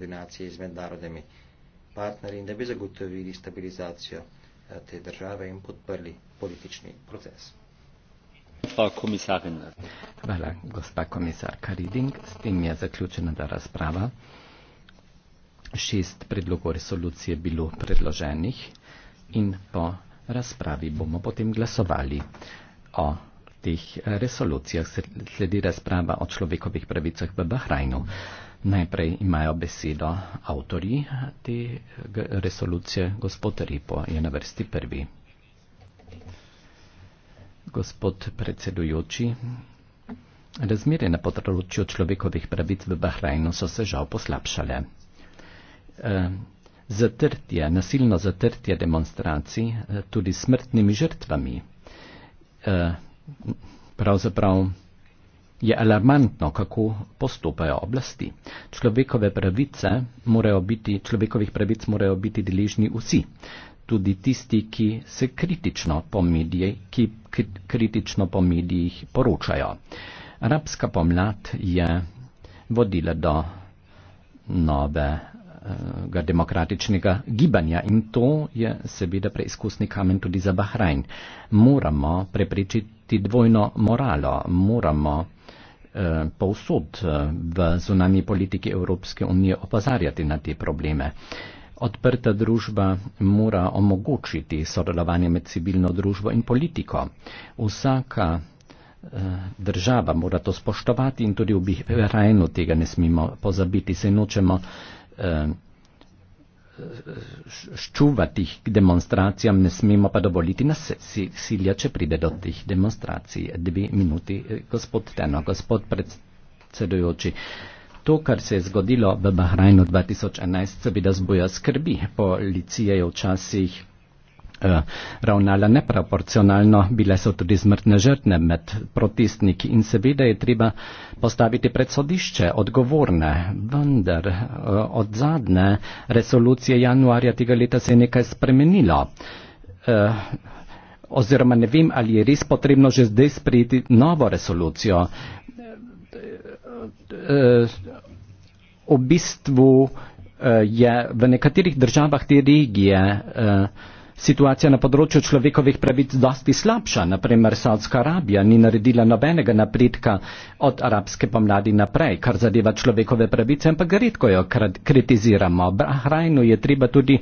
koordinacije z mednarodnimi partnerji in da bi zagotovili stabilizacijo eh, te države in podprli politični proces. Hvala, gospa komisarka Reding. S tem je zaključena ta razprava. Šest predlogov resolucije bilo predloženih in po razpravi bomo potem glasovali o teh resolucijah. Sledi razprava o človekovih pravicah v Bahrajnu. Hmm. Najprej imajo besedo avtori te resolucije, gospod Repo je na vrsti prvi. Gospod predsedujoči, razmere na področju človekovih pravic v Bahrajnu so se žal poslabšale. E, zatrtje, nasilno zatrtje demonstracij, e, tudi smrtnimi žrtvami, e, pravzaprav je alarmantno, kako postopajo oblasti. Človekove pravice morajo biti, človekovih pravic morajo biti deležni vsi, tudi tisti, ki se kritično po, medije, ki kritično po medijih poročajo. Arabska pomlad je vodila do nove demokratičnega gibanja in to je seveda preizkusni kamen tudi za Bahrajn. Moramo preprečiti dvojno moralo, moramo Eh, povsod eh, v zunanji politiki Evropske unije opozarjati na te probleme. Odprta družba mora omogočiti sodelovanje med civilno družbo in politiko. Vsaka eh, država mora to spoštovati in tudi v Bihrajnu tega ne smemo pozabiti, se nočemo ščuvati k demonstracijam, ne smemo pa dovoliti nasilja, če pride do teh demonstracij. Dve minuti, eh, gospod Teno, gospod predsedujoči. To, kar se je zgodilo v Bahrajnu 2011, seveda zboja skrbi. Policija je včasih Eh, ravnala neproporcionalno, bile so tudi smrtne žrtve med protestniki in seveda je treba postaviti pred sodišče odgovorne. Vendar eh, od zadnje resolucije januarja tega leta se je nekaj spremenilo. Eh, oziroma ne vem, ali je res potrebno že zdaj sprejeti novo resolucijo. V bistvu je v nekaterih državah te regije eh, Situacija na področju človekovih pravic dosti slabša, naprimer Saudska Arabija ni naredila nobenega napredka od arabske pomladi naprej, kar zadeva človekove pravice, ampak redko jo kritiziramo. Bahrajnu je treba tudi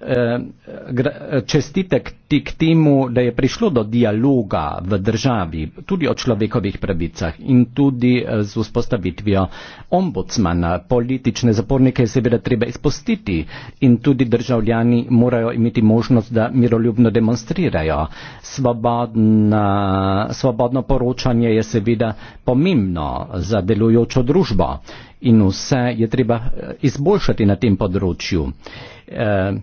Eh, eh, čestitek ti k temu, da je prišlo do dialoga v državi tudi o človekovih pravicah in tudi eh, z vzpostavitvijo ombudsmana. Politične zapornike je seveda treba izpustiti in tudi državljani morajo imeti možnost, da miroljubno demonstrirajo. Svobodna, svobodno poročanje je seveda pomembno za delujočo družbo in vse je treba izboljšati na tem področju. Eh,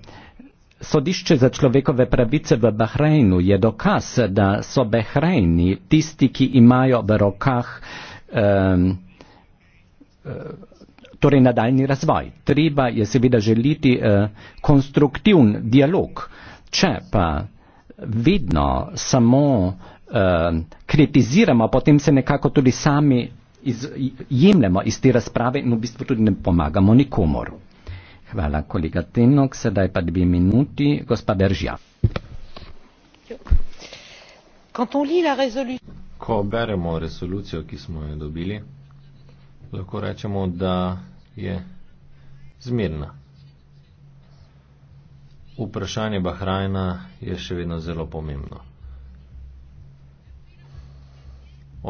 sodišče za človekove pravice v Bahrajnu je dokaz, da so Bahrajni tisti, ki imajo v rokah eh, torej nadaljni razvoj. Treba je seveda želiti eh, konstruktivn dialog. Če pa vedno samo kritiziramo, potem se nekako tudi sami iz, jemljemo iz te razprave in v bistvu tudi ne pomagamo nikomor. Hvala, kolega Tenok. Sedaj pa dve minuti, gospa Beržja. Ko beremo rezolucijo, ki smo jo dobili, lahko rečemo, da je zmirna. Vprašanje Bahrajna je še vedno zelo pomembno.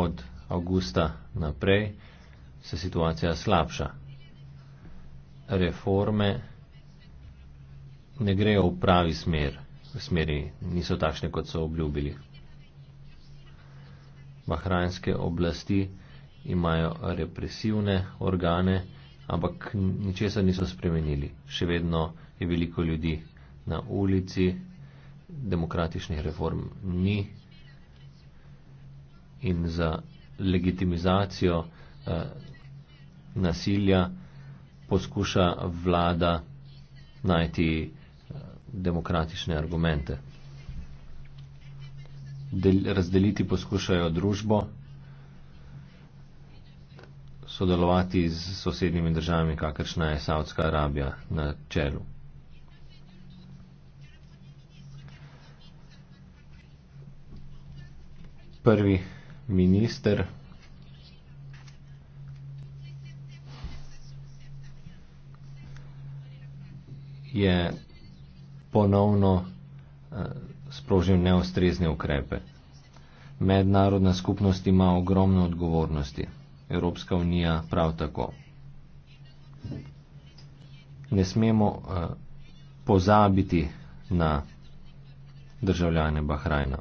Od avgusta naprej se situacija slabša reforme ne grejo v pravi smer, v smeri niso takšne, kot so obljubili. Bahrajnske oblasti imajo represivne organe, ampak ničesar niso spremenili. Še vedno je veliko ljudi na ulici, demokratičnih reform ni in za legitimizacijo eh, nasilja poskuša vlada najti eh, demokratične argumente. Del, razdeliti poskušajo družbo, sodelovati z sosednjimi državami, kakršna je Saudska Arabija na čelu. Prvi minister je ponovno eh, sprožil neostrezne ukrepe. Mednarodna skupnost ima ogromno odgovornosti, Evropska unija prav tako. Ne smemo eh, pozabiti na državljane Bahrajna.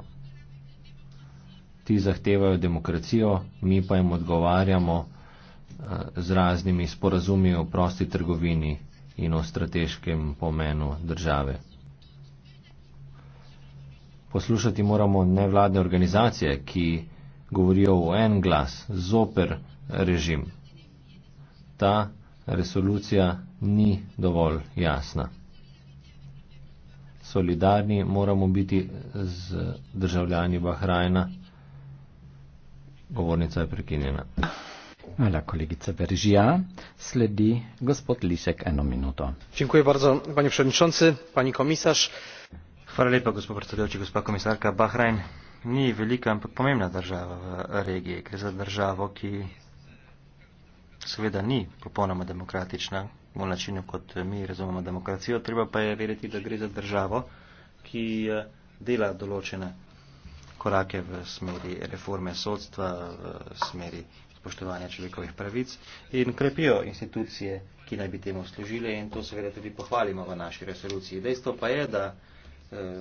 Ti zahtevajo demokracijo, mi pa jim odgovarjamo eh, z raznimi sporazumi o prosti trgovini in o strateškem pomenu države. Poslušati moramo nevladne organizacije, ki govorijo v en glas zoper režim. Ta resolucija ni dovolj jasna. Solidarni moramo biti z državljani Bahrajna. Govornica je prekinjena. Hvala, kolegica Beržija. Sledi gospod Lišek eno minuto. Dziękuję bardzo, panie przewodniczący, pani komisarz. Hvala lepa, gospod predsedujoči, gospa komisarka. Bahrajn ni velika, ampak pomembna država v regiji. Gre za državo, ki seveda ni popolnoma demokratična v načinu, kot mi razumemo demokracijo. Treba pa je vedeti, da gre za državo, ki eh, dela določene korake v smeri reforme sodstva, v smeri spoštovanja človekovih pravic in krepijo institucije, ki naj bi temu služile in to seveda tudi pohvalimo v naši resoluciji. Dejstvo pa je, da eh,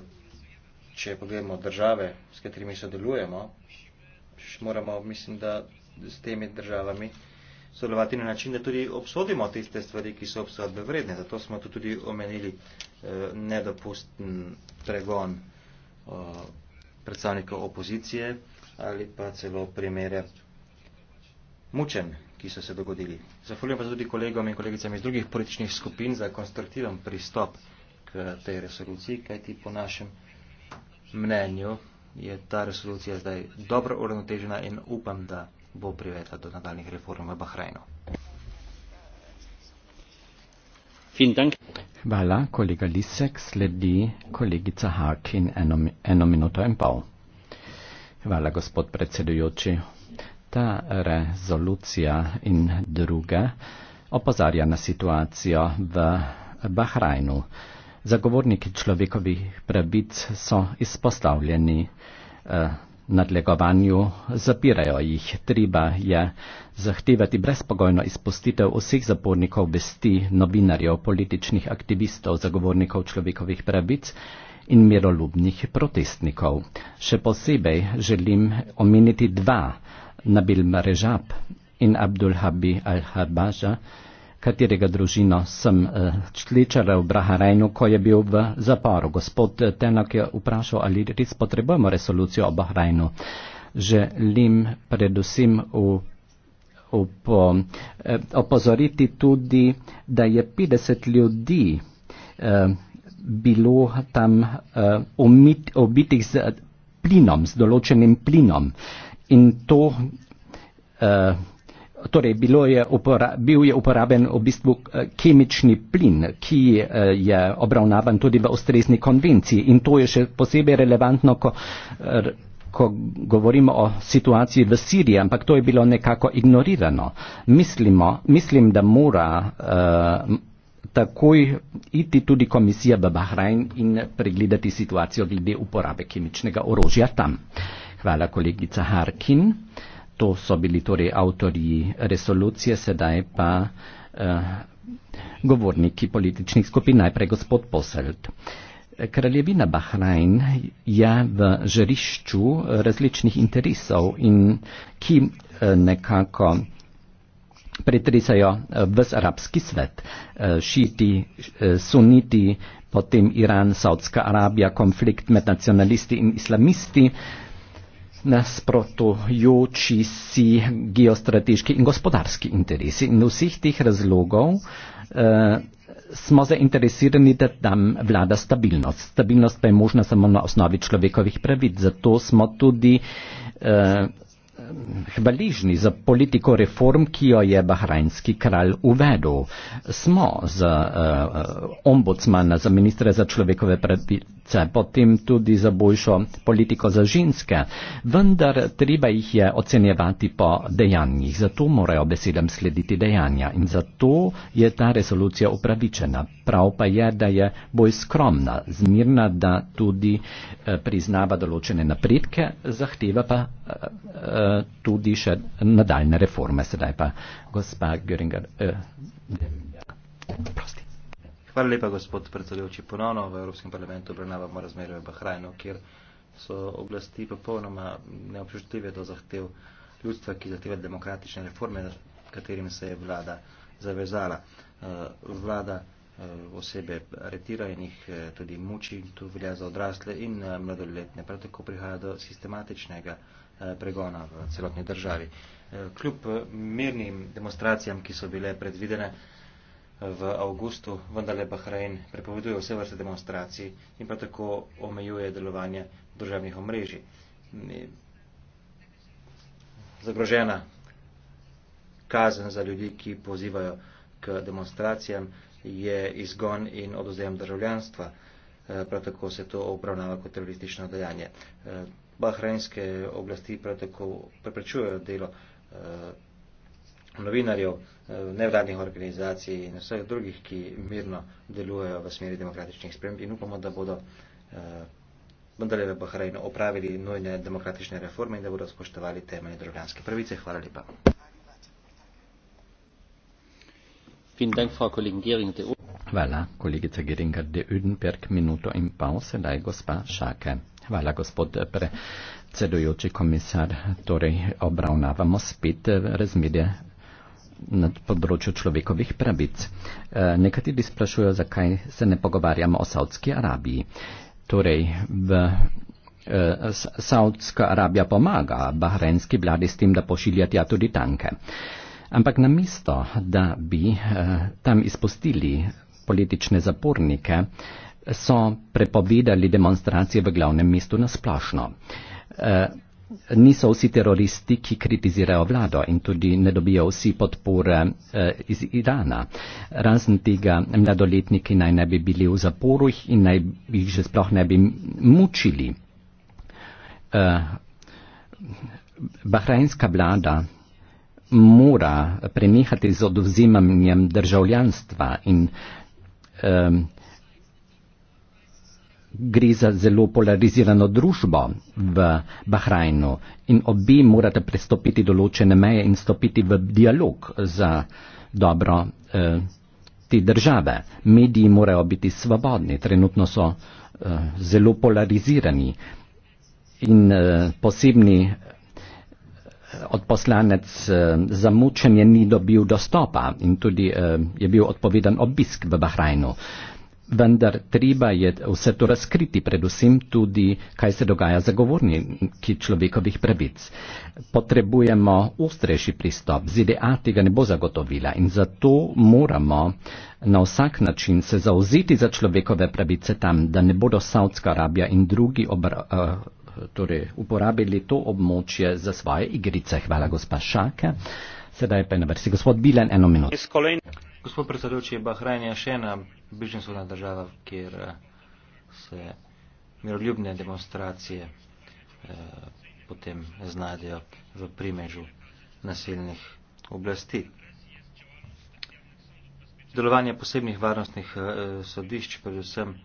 če pogledamo države, s katerimi sodelujemo, moramo, mislim, da s temi državami sodelovati na način, da tudi obsodimo tiste stvari, ki so obsodbe vredne. Zato smo tu tudi omenili eh, nedopusten pregon eh, predstavnikov opozicije ali pa celo primere mučen, ki so se dogodili. Zahvaljujem pa tudi kolegom in kolegicam iz drugih političnih skupin za konstruktiven pristop k tej resoluciji, kajti po našem mnenju je ta resolucija zdaj dobro uravnotežena in upam, da bo privedla do nadaljnih reform v Bahrajnu. Hvala, kolega Lisek, sledi kolegica Hakin eno, eno minuto in pol. Hvala, gospod predsedujoči ta rezolucija in druge opozarja na situacijo v Bahrajnu. Zagovorniki človekovih pravic so izpostavljeni eh, nadlegovanju, zapirajo jih. Treba je zahtevati brezpogojno izpustitev vseh zapornikov, vesti, novinarjev, političnih aktivistov, zagovornikov človekovih pravic in miroljubnih protestnikov. Še posebej želim omeniti dva Nabil Marežab in Abdulhabi Al-Harbaža, katerega družino sem tličala eh, v Braharajnu, ko je bil v zaporu. Gospod eh, Tenak je vprašal, ali res potrebujemo resolucijo o Bahrajnu. Želim predvsem v, v, po, eh, opozoriti tudi, da je 50 ljudi eh, bilo tam eh, umit, obitih z plinom, z določenim plinom. Eh, in to, uh, torej je upora, bil je uporaben v bistvu eh, kemični plin, ki eh, je obravnavan tudi v ustrezni konvenciji in to je še posebej relevantno, ko, ko govorimo o situaciji v Siriji, ampak to je bilo nekako ignorirano. Mislimo, mislim, da mora uh, takoj iti tudi komisija v Bahrajn in pregledati situacijo glede uporabe kemičnega orožja tam. Uh, Hvala, kolegica Harkin. To so bili torej avtorji resolucije, sedaj pa eh, govorniki političnih skupin, najprej gospod Poselt. Kraljevina Bahrajn je v žarišču različnih interesov, in ki eh, nekako pretresajo eh, ves arabski svet. Eh, šiti, suniti, potem Iran, Saudska Arabija, konflikt med nacionalisti in islamisti, nasprotujoči si geostrateški in gospodarski interesi. In vseh teh razlogov eh, smo zainteresirani, da tam vlada stabilnost. Stabilnost pa je možna samo na osnovi človekovih pravic. Zato smo tudi eh, Hm, hvaležni za politiko reform, ki jo je bahrajnski kralj uvedel. Smo z uh, ombudsmana, za ministra za človekove pravice, potem tudi za boljšo politiko za ženske, vendar treba jih je ocenjevati po dejanjih, zato morajo besedam slediti dejanja in zato je ta resolucija upravičena. Prav pa je, da je bolj skromna, zmirna, da tudi uh, priznava določene napredke, zahteva pa uh, tudi še nadaljne reforme. Sedaj pa gospa Göringer. Eh, prosti. Hvala lepa, gospod predsedujoči. Ponovno v Evropskem parlamentu obravnavamo razmere v Bahrajnu, kjer so oblasti popolnoma neobčutljive do zahtev ljudstva, ki zahteva demokratične reforme, katerim se je vlada zavezala. Eh, vlada eh, osebe aretira in jih tudi muči, tu velja za odrasle in mladoletne. Prav tako prihaja do sistematičnega Eh, pregona v celotni državi. Eh, kljub eh, mirnim demonstracijam, ki so bile predvidene v avgustu, vendar le Bahrein prepoveduje vse vrste demonstracij in pa tako omejuje delovanje državnih omrežij. Mm, zagrožena kazen za ljudi, ki pozivajo k demonstracijam, je izgon in odozem državljanstva. Prav tako se to obravnava kot teroristično dejanje bahrajnske oblasti prav tako preprečujejo delo eh, novinarjev, eh, nevladnih organizacij in vseh drugih, ki mirno delujejo v smeri demokratičnih sprememb in upamo, da bodo eh, vendarle v Bahrajnu opravili nujne demokratične reforme in da bodo spoštovali temelje državljanske pravice. Hvala lepa. Hvala, kolegica Geringa de Udenberg, minuto in pol, sedaj gospa Šake. Hvala, gospod predsedujoči komisar. Torej, obravnavamo spet eh, razmerje na področju človekovih pravic. Eh, nekateri sprašujejo, zakaj se ne pogovarjamo o Saudski Arabiji. Torej, v eh, Saudska Arabija pomaga bahrenski vladi s tem, da pošilja tja tudi tanke. Ampak namesto, da bi tam izpustili politične zapornike, so prepovedali demonstracije v glavnem mestu nasplošno. E, niso vsi teroristi, ki kritizirajo vlado in tudi ne dobijo vsi podpore e, iz Irana. Razen tega, mladoletniki naj ne bi bili v zaporu in naj jih že sploh ne bi mučili. E, bahrajnska vlada mora prenehati z oduzimanjem državljanstva in eh, gre za zelo polarizirano družbo v Bahrajnu in obi morate prestopiti določene meje in stopiti v dialog za dobro eh, te države. Mediji morajo biti svobodni, trenutno so eh, zelo polarizirani in eh, posebni eh, odposlanec eh, za mučenje ni dobil dostopa in tudi eh, je bil odpovedan obisk v Bahrajnu. Eh, vendar treba je vse to razkriti, predvsem tudi, kaj se dogaja za govorniki človekovih pravic. Potrebujemo ostrejši pristop, ZDA tega ne bo zagotovila in zato moramo na vsak način se zauzeti za človekove pravice tam, da ne bodo Saudska Arabija in drugi obra, uh, torej uporabili to območje za svoje igrice. Hvala gospa Šake. Sedaj pa je na vrsti gospod Bilen eno minuto. Gospod predsedujoči, Bahrajn je še ena bližnjevzhodna država, kjer eh, se miroljubne demonstracije eh, potem znajdejo v primežu nasilnih oblasti. Delovanje posebnih varnostnih eh, sodišč predvsem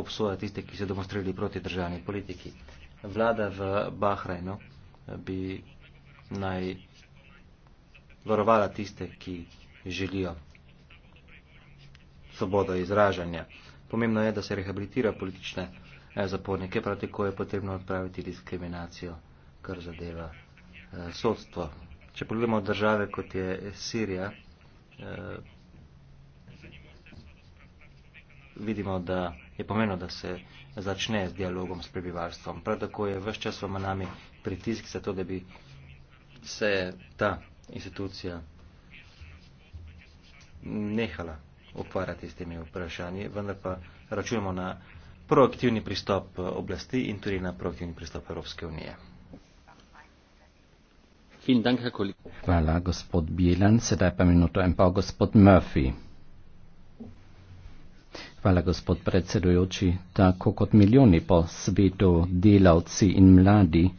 obsoja tiste, ki so demonstrirali proti državni politiki. Vlada v Bahrajnu bi naj varovala tiste, ki želijo svobodo izražanja. Pomembno je, da se rehabilitira politične eh, zapornike, prav tako je potrebno odpraviti diskriminacijo, kar zadeva eh, sodstvo. Če pogledamo države, kot je Sirija, eh, vidimo, da je pomembno, da se začne z dialogom s prebivalstvom. Prav tako je vse čas v Manami pritisk za to, da bi se ta institucija nehala ukvarjati s temi vprašanji, vendar pa računamo na proaktivni pristop eh, oblasti in tudi na proaktivni pristop Evropske unije. Hvala, gospod Bielan. Sedaj pa minuto in pol, gospod Murphy. Hvala, gospod predsedujoči. Tako kot milijoni po svetu delavci in mladi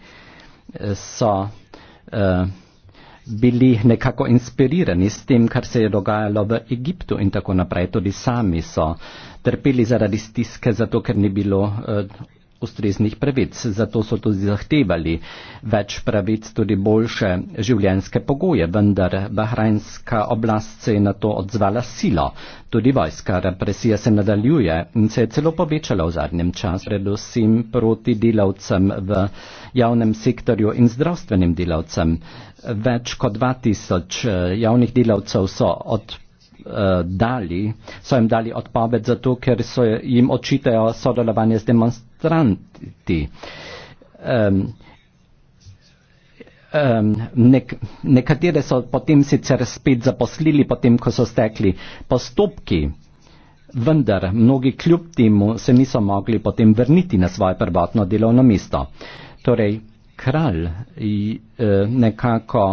eh, so. Uh, bili nekako inspirirani s tem, kar se je dogajalo v Egiptu in tako naprej. Tudi sami so trpeli zaradi stiske, zato ker ni bilo eh, ustreznih pravic. Zato so tudi zahtevali več pravic, tudi boljše življenjske pogoje, vendar bahrajnska oblast se je na to odzvala silo. Tudi vojska represija se nadaljuje in se je celo povečala v zadnjem času, predvsem proti delavcem v javnem sektorju in zdravstvenim delavcem. Več kot 2000 eh, javnih delavcev so od. Eh, dali, so jim dali odpoved zato, ker so jim očitajo sodelovanje z demonstracijami demonstranti. Um, um, nek, nekatere so potem sicer spet zaposlili, potem ko so stekli postopki, vendar mnogi kljub temu se niso mogli potem vrniti na svoje prvotno delovno mesto. Torej, kralj eh, nekako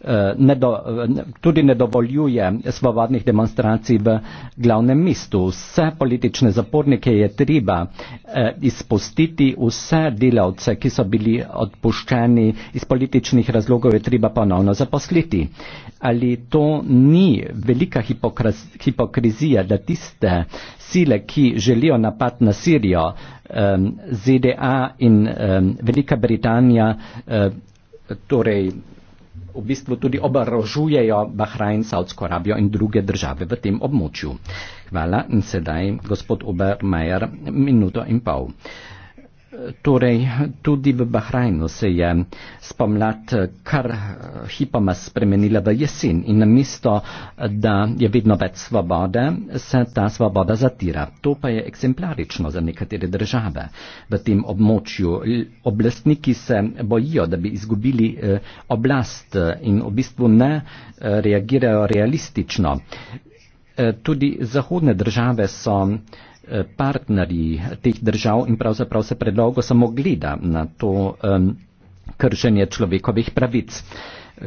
Eh, ne do, eh, tudi ne dovoljuje svobodnih demonstracij v glavnem mestu. Vse politične zapornike je treba eh, izpustiti, vse delavce, ki so bili odpuščeni iz političnih razlogov, je treba ponovno zaposliti. Ali to ni velika hipokrizija, da tiste sile, ki želijo napad na Sirijo, ZDA in Velika Britanija, torej v bistvu tudi obarožujejo Bahrajn, Saudsko Arabijo in druge države v tem območju. Hvala in sedaj gospod Obermajer, minuto in pol. Torej, tudi v Bahrajnu se je spomlad kar hipoma spremenila v jesen in na mesto, da je vedno več svobode, se ta svoboda zatira. To pa je eksemplarično za nekatere države v tem območju. Oblastniki se bojijo, da bi izgubili eh, oblast eh, in v bistvu ne eh, reagirajo realistično. Tudi zahodne države so partnerji teh držav in pravzaprav se predolgo samo gleda na to um, kršenje človekovih pravic.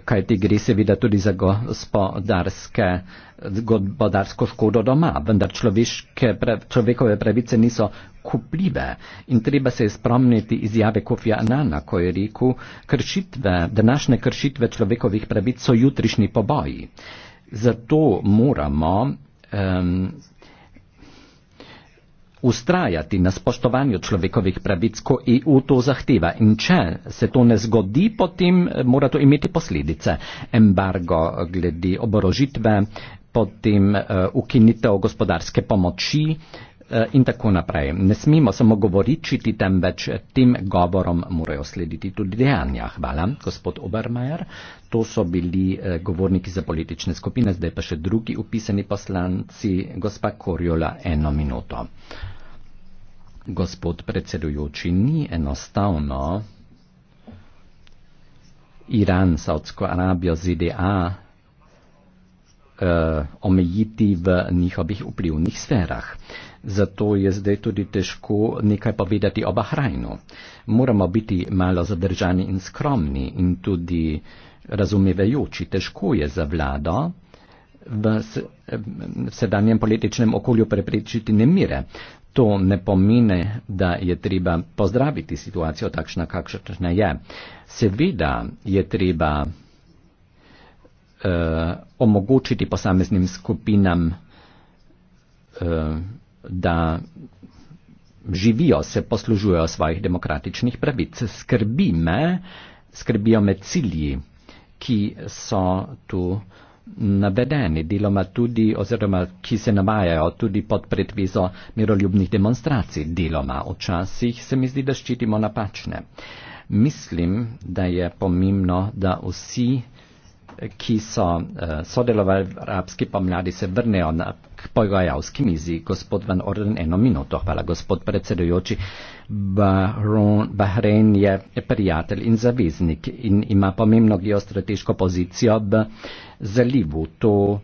Kaj ti gre seveda tudi za gospodarske, gospodarsko škodo doma, vendar prav, človekove pravice niso kupljive in treba se je spomniti izjave Kofi Anana, ko je rekel, kršitve, današnje kršitve človekovih pravic so jutrišnji poboji. Zato moramo um, ustrajati na spoštovanju človekovih pravic, ko EU to zahteva. In če se to ne zgodi, potem eh, mora to imeti posledice. Embargo glede oborožitve, potem eh, ukinitev gospodarske pomoči. Eh, in tako naprej. Ne smemo samo govoričiti, temveč tem govorom morajo slediti tudi dejanja. Hvala, gospod Obermajer. To so bili eh, govorniki za politične skupine, zdaj pa še drugi upisani poslanci, gospa Korjola, eno minuto. Gospod predsedujoči, ni enostavno Iran, Saudsko Arabijo, ZDA eh, omejiti v njihovih vplivnih sferah. Eh, zato je zdaj tudi težko nekaj povedati o Bahrajnu. Moramo biti malo zadržani in skromni in tudi razumevajoči. Težko je za vlado v sedanjem političnem okolju preprečiti nemire. To ne pomeni, da je treba pozdraviti situacijo takšna, kakšna je. Seveda je treba eh, omogočiti posameznim skupinam eh, da živijo, se poslužujejo svojih demokratičnih pravic. Skrbi me, skrbijo me cilji, ki so tu navedeni, deloma tudi, oziroma ki se navajajo tudi pod predvizo miroljubnih demonstracij, deloma včasih se mi zdi, da ščitimo napačne. Mislim, da je pomembno, da vsi ki so uh, sodelovali v arabski pomladi, se vrnejo na, k pogajalski mizi. Gospod Van Orden, eno minuto, hvala, gospod predsedujoči. Bahrein je prijatelj in zaviznik in ima pomembno geostrateško pozicijo v zalivu. To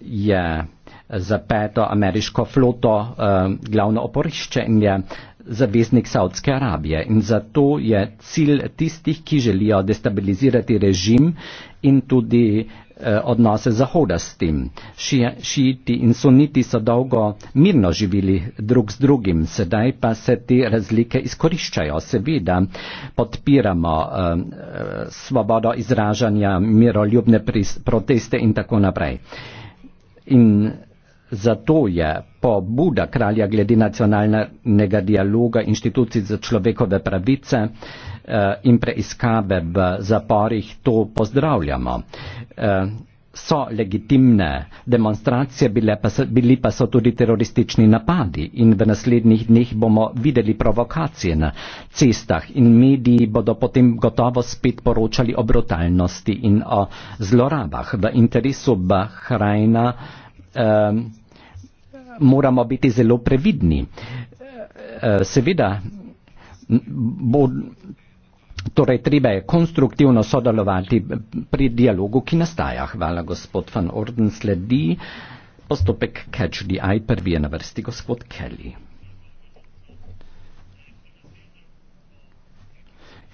je za peto ameriško floto uh, glavno oporišče in je uh, zaveznik Saudske Arabije in zato je cilj tistih, ki želijo destabilizirati režim in tudi eh, odnose Zahoda s tem. Šiiti in suniti so dolgo mirno živeli drug z drugim, sedaj pa se te razlike izkoriščajo. Seveda podpiramo eh, svobodo izražanja, miroljubne proteste in tako naprej. In Zato je pobuda kralja glede nacionalnega dialoga inštitucij za človekove pravice eh, in preiskave v zaporih, to pozdravljamo. Eh, so legitimne demonstracije, pa so, bili pa so tudi teroristični napadi in v naslednjih dneh bomo videli provokacije na cestah in mediji bodo potem gotovo spet poročali o brutalnosti in o zlorabah v interesu Bahrajna. Um, moramo biti zelo previdni. Eh, seveda bo torej treba konstruktivno sodelovati pri dialogu, ki nastaja. Hvala, gospod Van Orden. Sledi postopek Catch the Eye. Prvi je na vrsti gospod Kelly.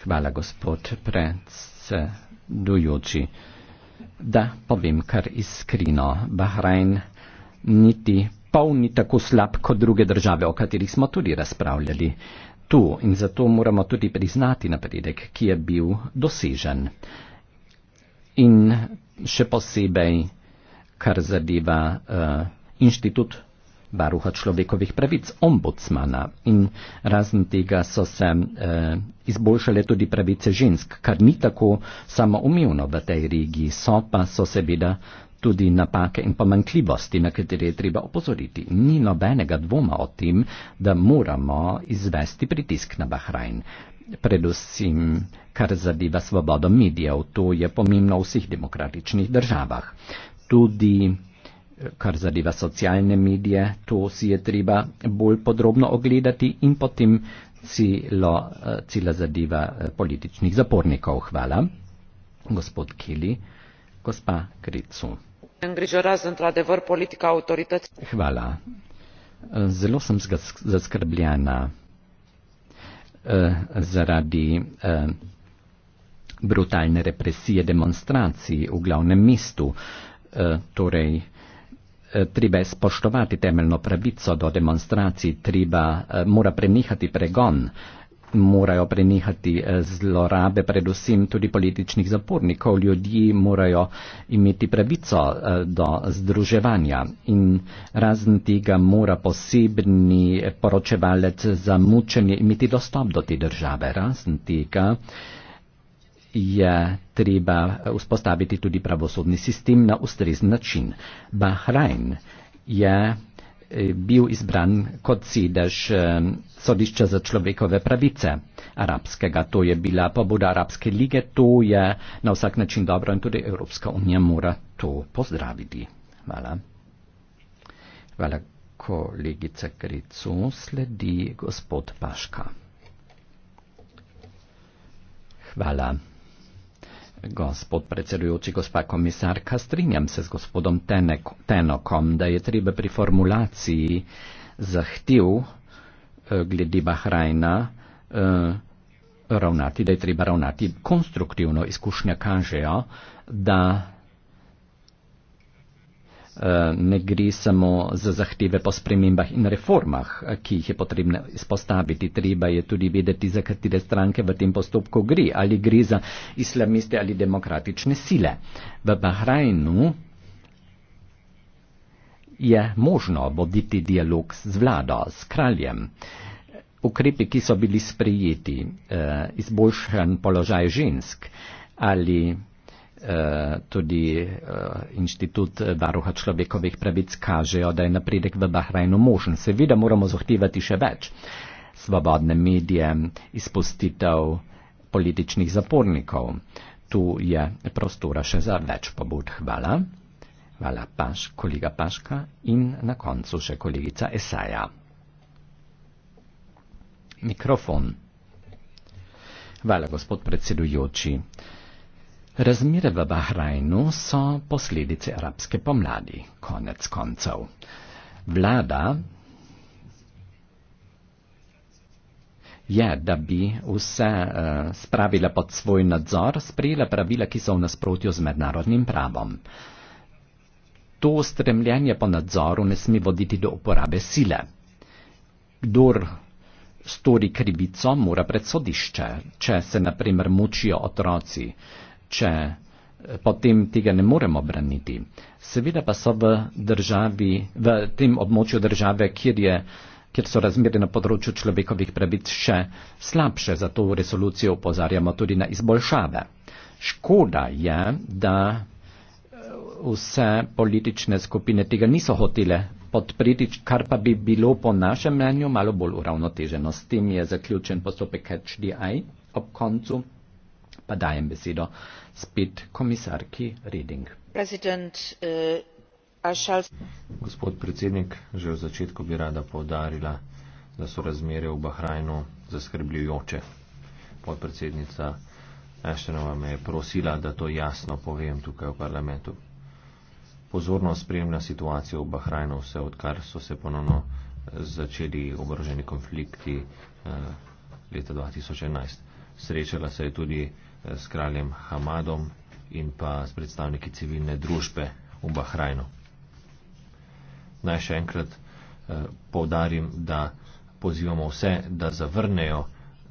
Hvala, gospod predsedujoči. Da povem kar iskrino, Bahrajn niti pol ni tako slab kot druge države, o katerih smo tudi razpravljali. Tu in zato moramo tudi priznati napredek, ki je bil dosežen. In še posebej, kar zadeva uh, inštitut varuha človekovih pravic, ombudsmana. In razen tega so se eh, izboljšale tudi pravice žensk, kar ni tako samoumevno v tej regiji. So pa so seveda tudi napake in pomankljivosti, na katere je treba opozoriti. Ni nobenega dvoma o tem, da moramo izvesti pritisk na Bahrajn. Predvsem, kar zadeva svobodo medijev, to je pomembno v vseh demokratičnih državah. Tudi kar zadeva socialne medije, to si je treba bolj podrobno ogledati in potem cilo, cila zadeva eh, političnih zapornikov. Hvala. Gospod Kili, gospa Kricu. Hvala. Eh, zelo sem zaskrbljena eh, zaradi brutalne represije demonstracij v glavnem mestu. Torej, Eh, treba spoštovati temeljno pravico do demonstracij, treba eh, mora prenehati pregon, morajo prenehati eh, zlorabe, predvsem tudi političnih zapornikov, ljudje morajo imeti pravico do združevanja in razen tega mora posebni poročevalec za mučenje imeti dostop do te države. Razen tega je treba vzpostaviti tudi pravosodni sistem na ustrezen način. Bahrajn je eh, bil izbran kot sedež eh, sodišča za človekove pravice arabskega. To je bila pobuda Arabske lige, to je na vsak način dobro in tudi Evropska unija mora to pozdraviti. Hvala. Hvala kolegica Grecu. Sledi gospod Paška. Hvala gospod predsedujoči, gospa komisarka, strinjam se z gospodom Tenek, Tenokom, da je treba pri formulaciji zahtev eh, glede Bahrajna eh, ravnati, da je treba ravnati konstruktivno. Izkušnja kažejo, da Eh, ne gre samo za zahteve po spremembah in reformah, eh, ki jih je potrebno izpostaviti. Treba je tudi vedeti, za katere stranke v tem postopku gre, ali gre za islamiste ali demokratične sile. V Bahrajnu je možno voditi dialog z vlado, s kraljem. Ukrepi, ki so bili sprejeti, eh, izboljšan položaj žensk ali Eh, tudi eh, inštitut eh, varuha človekovih pravic kažejo, da je napredek v Bahrajnu možen. Seveda moramo zahtevati še več. Svobodne medije, izpustitev političnih zapornikov. Tu je prostora še za več pobud. Hvala. Hvala paš, kolega Paška in na koncu še kolegica Esaja. Mikrofon. Hvala, gospod predsedujoči. Uh, Razmere v Bahrajnu so posledice arabske pomladi, konec koncev. Vlada je, da bi vse uh, spravila pod svoj nadzor, sprejela pravila, ki so v nasprotju z mednarodnim pravom. To stremljenje po nadzoru ne sme voditi do uporabe sile. Kdor stori krivico, mora pred sodišče, če se naprimer mučijo otroci. Uh, če eh, potem tega ne moremo braniti. Seveda pa so v državi, v tem območju države, kjer, je, kjer so razmere na področju človekovih pravic še slabše, zato v resoluciji opozarjamo tudi na izboljšave. Škoda je, da eh, vse politične skupine tega niso hotele podpreti, kar pa bi bilo po našem mnenju malo bolj uravnoteženo. S tem je zaključen postopek HDI ob koncu pa dajem besedo spet komisarki Reding. Eh, Gospod predsednik, že v začetku bi rada povdarila, da so razmere v Bahrajnu zaskrbljujoče. Podpredsednica Ashtonova me je prosila, da to jasno povem tukaj v parlamentu. Pozorno spremlja situacijo v Bahrajnu, vse odkar so se ponovno eh, začeli oboroženi konflikti eh, leta 2011. Srečala se je tudi s kraljem Hamadom in pa s predstavniki civilne družbe v Bahrajnu. Naj še enkrat eh, povdarim, da pozivamo vse, da zavrnejo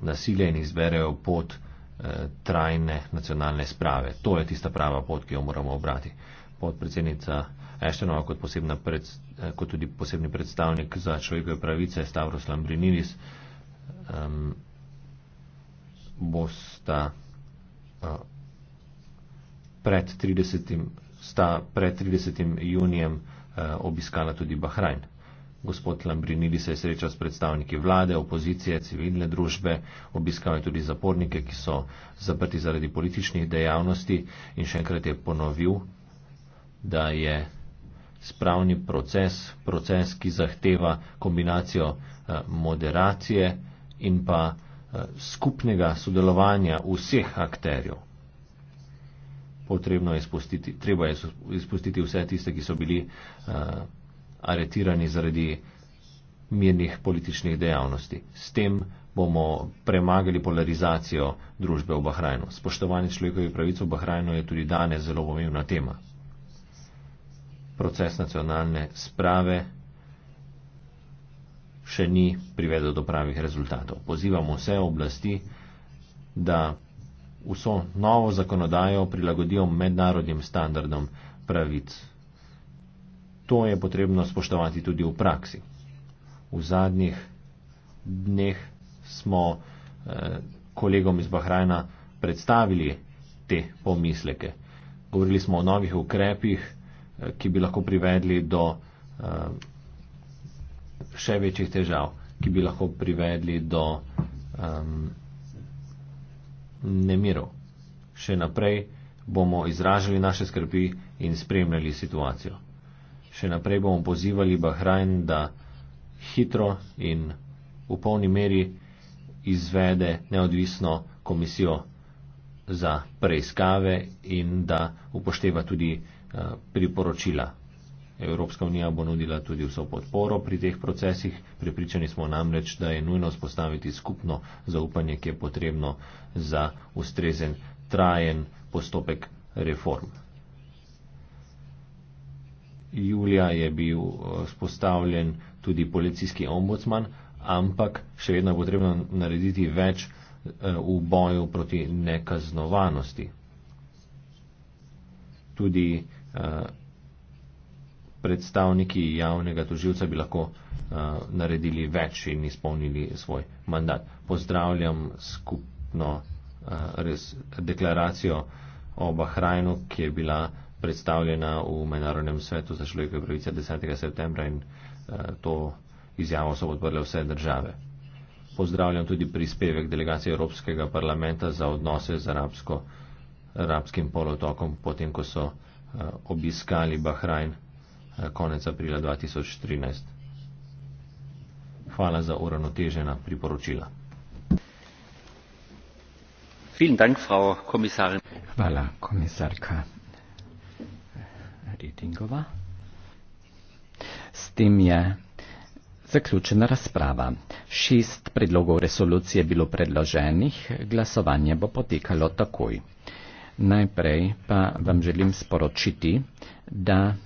nasilje in izberejo pot eh, trajne nacionalne sprave. To je tista prava pot, ki jo moramo obrati. Podpredsednica Eštenova kot, pred, eh, kot tudi posebni predstavnik za človekove pravice Stavros Lambrininis um, ehm, bosta pred 30. sta pred 30. junijem e, obiskala tudi Bahrajn. Gospod Lambrinidi se je srečal s predstavniki vlade, opozicije, civilne družbe, obiskal je tudi zapornike, ki so zaprti zaradi političnih dejavnosti in še enkrat je ponovil, da je spravni proces, proces, ki zahteva kombinacijo e, moderacije in pa Eh, skupnega sodelovanja vseh akterjev. Potrebno je spustiti, treba je izpustiti vse tiste, ki so bili uh, aretirani zaradi mirnih političnih dejavnosti. S tem bomo premagali polarizacijo družbe v Bahrajnu. Spoštovanje človekovih pravic v Bahrajnu je tudi danes zelo pomembna tema. Proces nacionalne sprave še ni privedel do pravih rezultatov. Pozivamo vse oblasti, da vso novo zakonodajo prilagodijo mednarodnim standardom pravic. To je potrebno spoštovati tudi v praksi. V zadnjih dneh smo eh, kolegom iz Bahrajna predstavili te pomisleke. Govorili smo o novih ukrepih, eh, ki bi lahko privedli do eh, še večjih težav, ki bi lahko privedli do um, nemirov. Še naprej bomo izražali naše skrbi in spremljali situacijo. Še naprej bomo pozivali Bahrajn, da hitro in v polni meri izvede neodvisno komisijo za preiskave in da upošteva tudi uh, priporočila Evropska unija bo nudila tudi vso podporo pri teh procesih. Pripričani smo namreč, da je nujno spostaviti skupno zaupanje, ki je potrebno za ustrezen trajen postopek reform. Julija je bil spostavljen eh, tudi policijski ombudsman, ampak še vedno je potrebno narediti več eh, v boju proti nekaznovanosti. Tudi eh, predstavniki javnega toživca bi lahko uh, naredili več in izpolnili svoj mandat. Pozdravljam skupno uh, res, deklaracijo o Bahrajnu, ki je bila predstavljena v Mednarodnem svetu za človekove pravice 10. septembra in uh, to izjavo so podprle vse države. Pozdravljam tudi prispevek delegacije Evropskega parlamenta za odnose z arabsko, arabskim polotokom, potem ko so uh, obiskali Bahrajn. Eh, konec aprila 2013. Hvala za uravnotežena priporočila. Dank, Frau Hvala, komisarka Redingova. S tem je zaključena razprava. Šest predlogov resolucije je bilo predloženih, glasovanje bo potekalo takoj. Najprej pa vam želim sporočiti, da